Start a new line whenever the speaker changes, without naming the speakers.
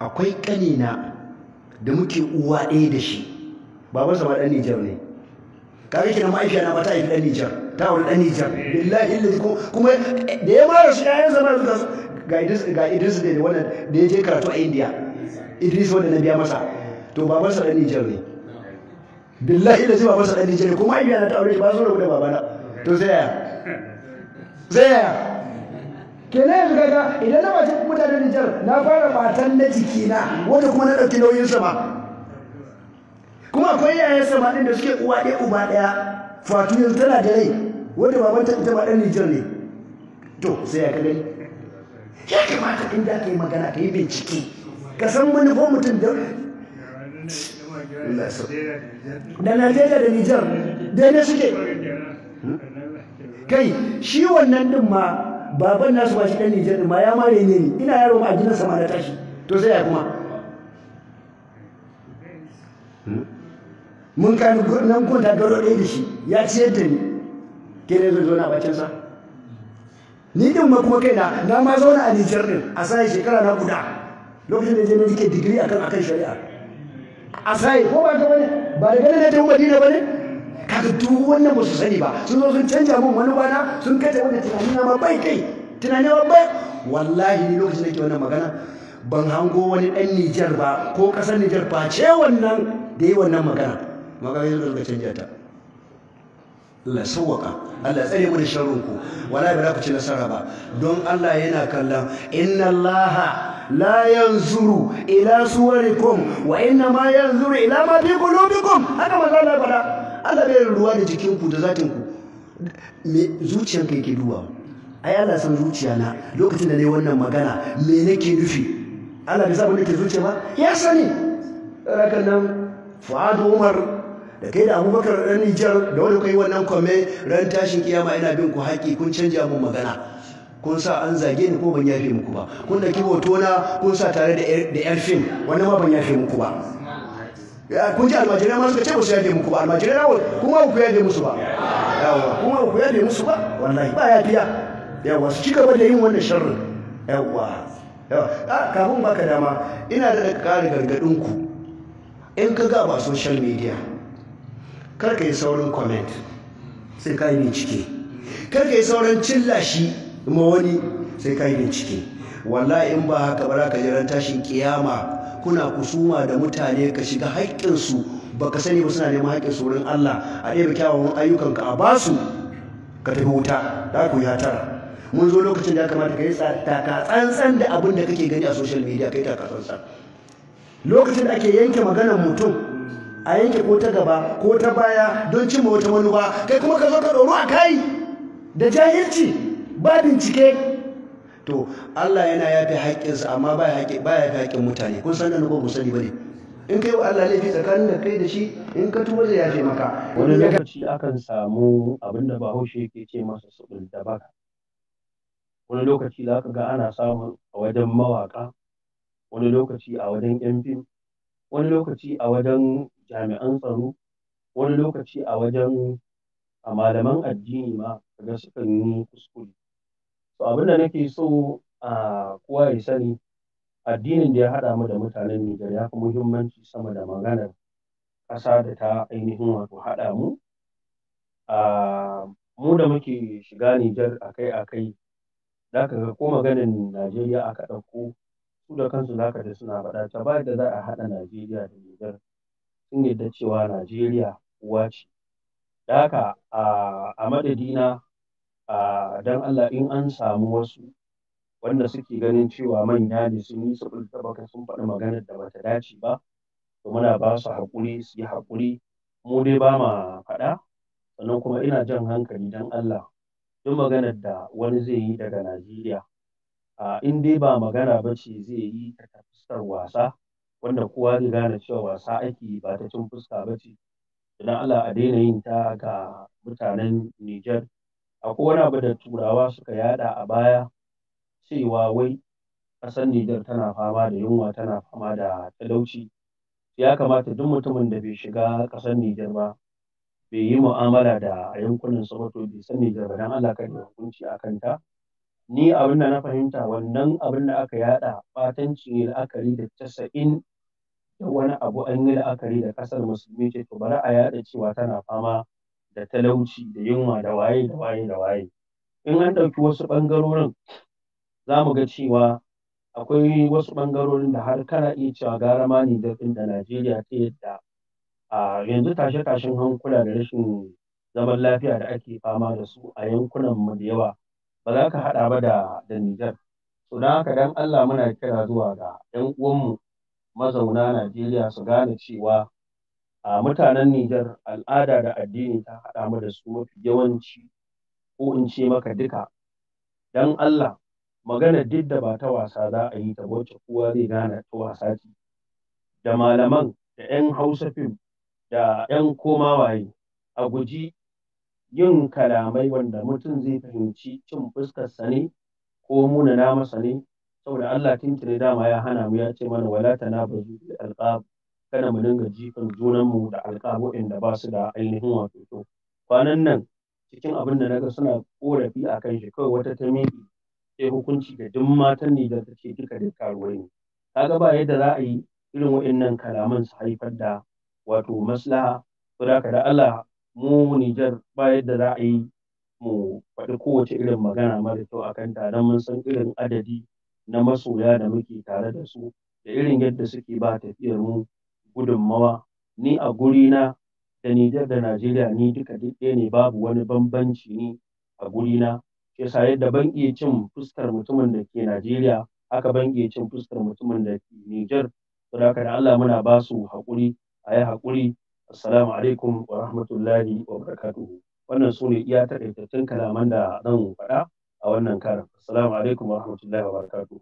akwai ƙanina da muke uwa ɗaya da shi babansa ba ɗan Nijar ne kare kina ma'aikata na ba ta haifi ɗan Nijar ta wani ɗan Nijar billahi ko kuma da ya mara shi ɗayan zama da ga Idris ga Idris da wannan da ya je karatu a India Idris wanda na biya masa to babansa ɗan Nijar ne billahi illahi babansa ɗan Nijar ne kuma ma'aikata na ta aure ba su da babana to sai ya sai ya kenan yanzu kaga idan na kuma da Nijar na fara batan na jikina wanda kuma na ɗauki nauyin sama kuma akwai yayan sama ɗin da suke uwa ɗaya uba ɗaya fatu yanzu tana da rai wanda babanta ita ba Nijar ne to sai ya kadai ya kamata in da ka yi magana ka yi bincike ka san manufar mutum da da Najeriya da Nijar ne suke hmm? kai shi wannan din ma baban nasu ba shi ɗan Nijar ma ya mare ne ni ina yaro ma a gidansa ma na tashi to sai ya kuma hmm? mun kan nan kunta garo ɗaya da shi ya ciyar da ni ke ne zai zauna a baccin sa ni ɗin ma kuma kai na ma zauna a Nijar ɗin a sai shekara na guda lokacin da jami'ai ke digiri akan akan shari'a a sai ko ba ta bane ba da ganin da ta Madina bane kaga duk wannan ba su sani ba sun zo sun canja mun wani bana sun kace wanda tunani na ma bai kai tunani ma bai wallahi ni lokacin da ke wannan magana ban hango wani dan Nijar ba ko kasar Nijar ba ce wannan da yi wannan magana magana yanzu ga canja ta Allah sawaka Allah tsare mu da sharrin ku wallahi ba za ku ci nasara ba don Allah yana kallon inna Allaha لا ينظر إلى صوركم وإنما ينظر إلى ما في قلوبكم هذا ما لا بلا Allah bai ruwa da jikinku da zatinku me zuciyanka yake duwa ai Allah san zuciya na lokacin da nayi wannan magana me nake nufi Allah bai san nake zuciya ba ya sani rakan nan Fuad Umar da kai da Abubakar dan Nijar da wani kai wannan kome ran tashin kiyama ina bin ku haƙi kun canja mun magana kun sa an zage ni ko ban yafe muku ba kun da kibo tona kun sa tare da yar fim wannan ma ban yafe muku ba Eh, kun ji almajirai ma suka ce ba su yaje muku ba almajirai yawo kuma ku yaje musu ba yawa kuma ku yaje musu ba wallahi ba yafiya yawa su ci gaba da yin wannan sharrin yawa yawa ah, kafin baka dama ina da ƙara gargadin ku in ka ga ba social media kar ka yi saurin comment sai ka yi bincike kar ka yi saurin cillashi shi ma wani sai ka yi bincike wallahi in ba haka ba ka jiran tashin kiyama kuna kusuma da mutane ka shiga haƙƙinsu baka sani ba suna neman haƙƙinsu wurin Allah a ɗaya kyawawan ayyukanka a basu ka tafi wuta da ku ya tara mun zo lokacin da ya kamata ka yi taka tsantsan da abin da kake gani a social media ka taka lokacin da ake yanke maganar mutum a yanke ko ta gaba ko ta baya don cimma wata manufa kai kuma ka zo ka ɗoro a kai da jahilci ba bincike to Allah yana yafi haƙƙinsa amma ba ya fi haƙƙin mutane kun san da ko mu sani bane in kai wa Allah laifi tsakanin da kai da shi in ka tuba zai yafe maka wani lokaci akan samu abin da Bahaushe yake ce masa subul da baka
wani lokaci za ka ga ana samun a wajen mawaƙa wani lokaci a wajen 'yan fim wani lokaci a wajen jami'an tsaro wani lokaci a wajen a malaman addini ma ga sukan yi kuskure so abin da nake so a kowa ya sani addinin da ya haɗa mu da mutanen Nijar ya fi muhimmanci sama da maganar ƙasa da ta ainihin wato haɗa mu mu da muke shiga Nijar akai-akai za ka ga ko maganin Najeriya aka ɗauko su da kansu za ka ji suna faɗa ta ba da za a haɗa Najeriya da Nijar sun yadda cewa Najeriya uwa ce. Da haka a madadina Dan Allah in an samu wasu wanda suke ganin cewa manya ne sun yi sabul tabaka sun faɗi maganar da bata dace ba to muna ba su haƙuri su yi haƙuri mu dai ba ma faɗa sannan kuma ina jan hankali dan Allah duk maganar da wani zai yi daga Najeriya in dai ba magana ba ce zai yi ta fuskar wasa wanda kowa zai gane cewa wasa ake ba ta cin fuska ba ce Idan Allah a daina yin ta ga mutanen Nijar akwai wani abu da turawa suka yaɗa a baya cewa wai ƙasar Nijar tana fama da yunwa tana fama da talauci ya kamata duk mutumin da bai shiga ƙasar Nijar ba bai yi mu'amala da yankunan Sokoto bai san Nijar ba dan Allah kada da hukunci a kanta ni abin da na fahimta wannan abin da aka yaɗa ɓatanci ne la'akari da casa'in da wani abu an yi la'akari da ƙasar musulmi ce to bari a yada cewa tana fama da talauci da yunwa da waye da waye da waye in an ɗauki wasu ɓangarorin za mu ga cewa akwai wasu ɓangarorin da har kana iya cewa gara ma ne da da Najeriya ta yadda a yanzu tashe-tashen hankula da rashin zaman lafiya da ake fama da su a yankunan mu da yawa ba za ka haɗa ba da da Nijar to dan haka dan Allah muna kira zuwa ga 'yan uwanmu mazauna Najeriya su gane cewa a mutanen Nijar al'ada da addini ta haɗa mu da su mafi yawanci ko in ce maka duka
dan Allah
magana duk da ba ta wasa za a yi ta wacce kowa zai gane ta wasa ce da malaman da 'yan hausa fim da 'yan waye a guji yin kalamai wanda mutum zai fahimci cin fuskar sa ne ko munana masa ne saboda Allah tuntune dama ya hana mu ya ce mana wala tanabazu bil alqab kada mu dinga jifan junanmu da alƙabu'in da ba su da ainihin wato to kwanan nan
cikin abin da naga suna korafi
a kan shi kawai wata ta miƙe sai hukunci da duk matan ne da take duka da karuwa ne kaga ba yadda za a yi irin waɗannan kalaman su haifar da wato maslaha to da da Allah mu Nijar ba yadda za a yi mu faɗi kowace irin magana mara kyau a kanta don mun san irin adadi na masoya da muke tare da su da irin yadda suke ba tafiyar mu gudunmawa ni a gurina da Nijar da Najeriya ni duka duk ɗaya ne babu wani bambanci ni a gurina shi yasa yadda ban iya cin fuskar mutumin da ke Najeriya haka ban iya cin fuskar mutumin da ke Nijar saboda haka da Allah muna ba su haƙuri a yi haƙuri assalamu alaikum wa rahmatullahi wa barakatuhu wannan su ne iya taƙaitattun kalaman da zan faɗa a wannan karin. assalamu alaikum wa rahmatullahi wa barakatuhu